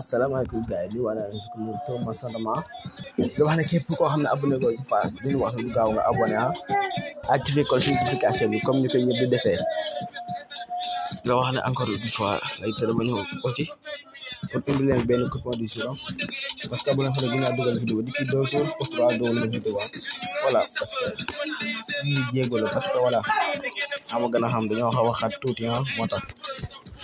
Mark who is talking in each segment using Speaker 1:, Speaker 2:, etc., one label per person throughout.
Speaker 1: asalaamaaleykum gars yi wala aleykum Thomas Santama di wax ne képp koo xam ne abonné ko ci page bi wax lu gaaw nga abonné ah activé ko notification bi comme ni ko ñëpp di defee di wax ne encore une fois lay tëdd ma ñëw aussi leen benn coupon du parce que bu la xoolee dinaa dugal vidéo depuis deux jours ou trois jours la vidéo voilà parce que ñuy jéego parce que voilà xam nga gën a xam dañoo xaw a xat tuuti ah moo tax.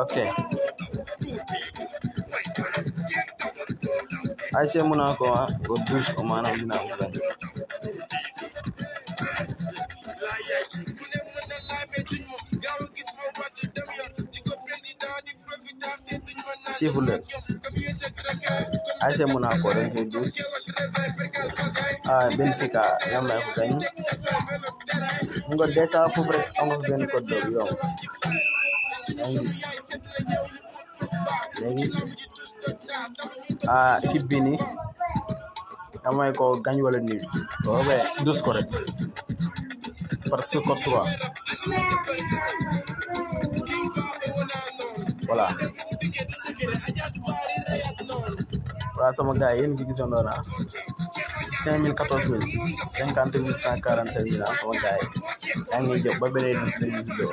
Speaker 1: Okay. I say Monaco, go boost command of Si vous voulez, I say Monaco, introduce uh, Benfica, number of them. Ngo desa fufre, among them, God, yo. And this. léegi ah kii damay ko gañ wala nii boo koy dus ko rek parce que code 3 voilà waaw sama gars yi yéen ngi gisoon noonu ah cinq mille quatorze mille cinquante sama gars ngi ba bis beneen vidéo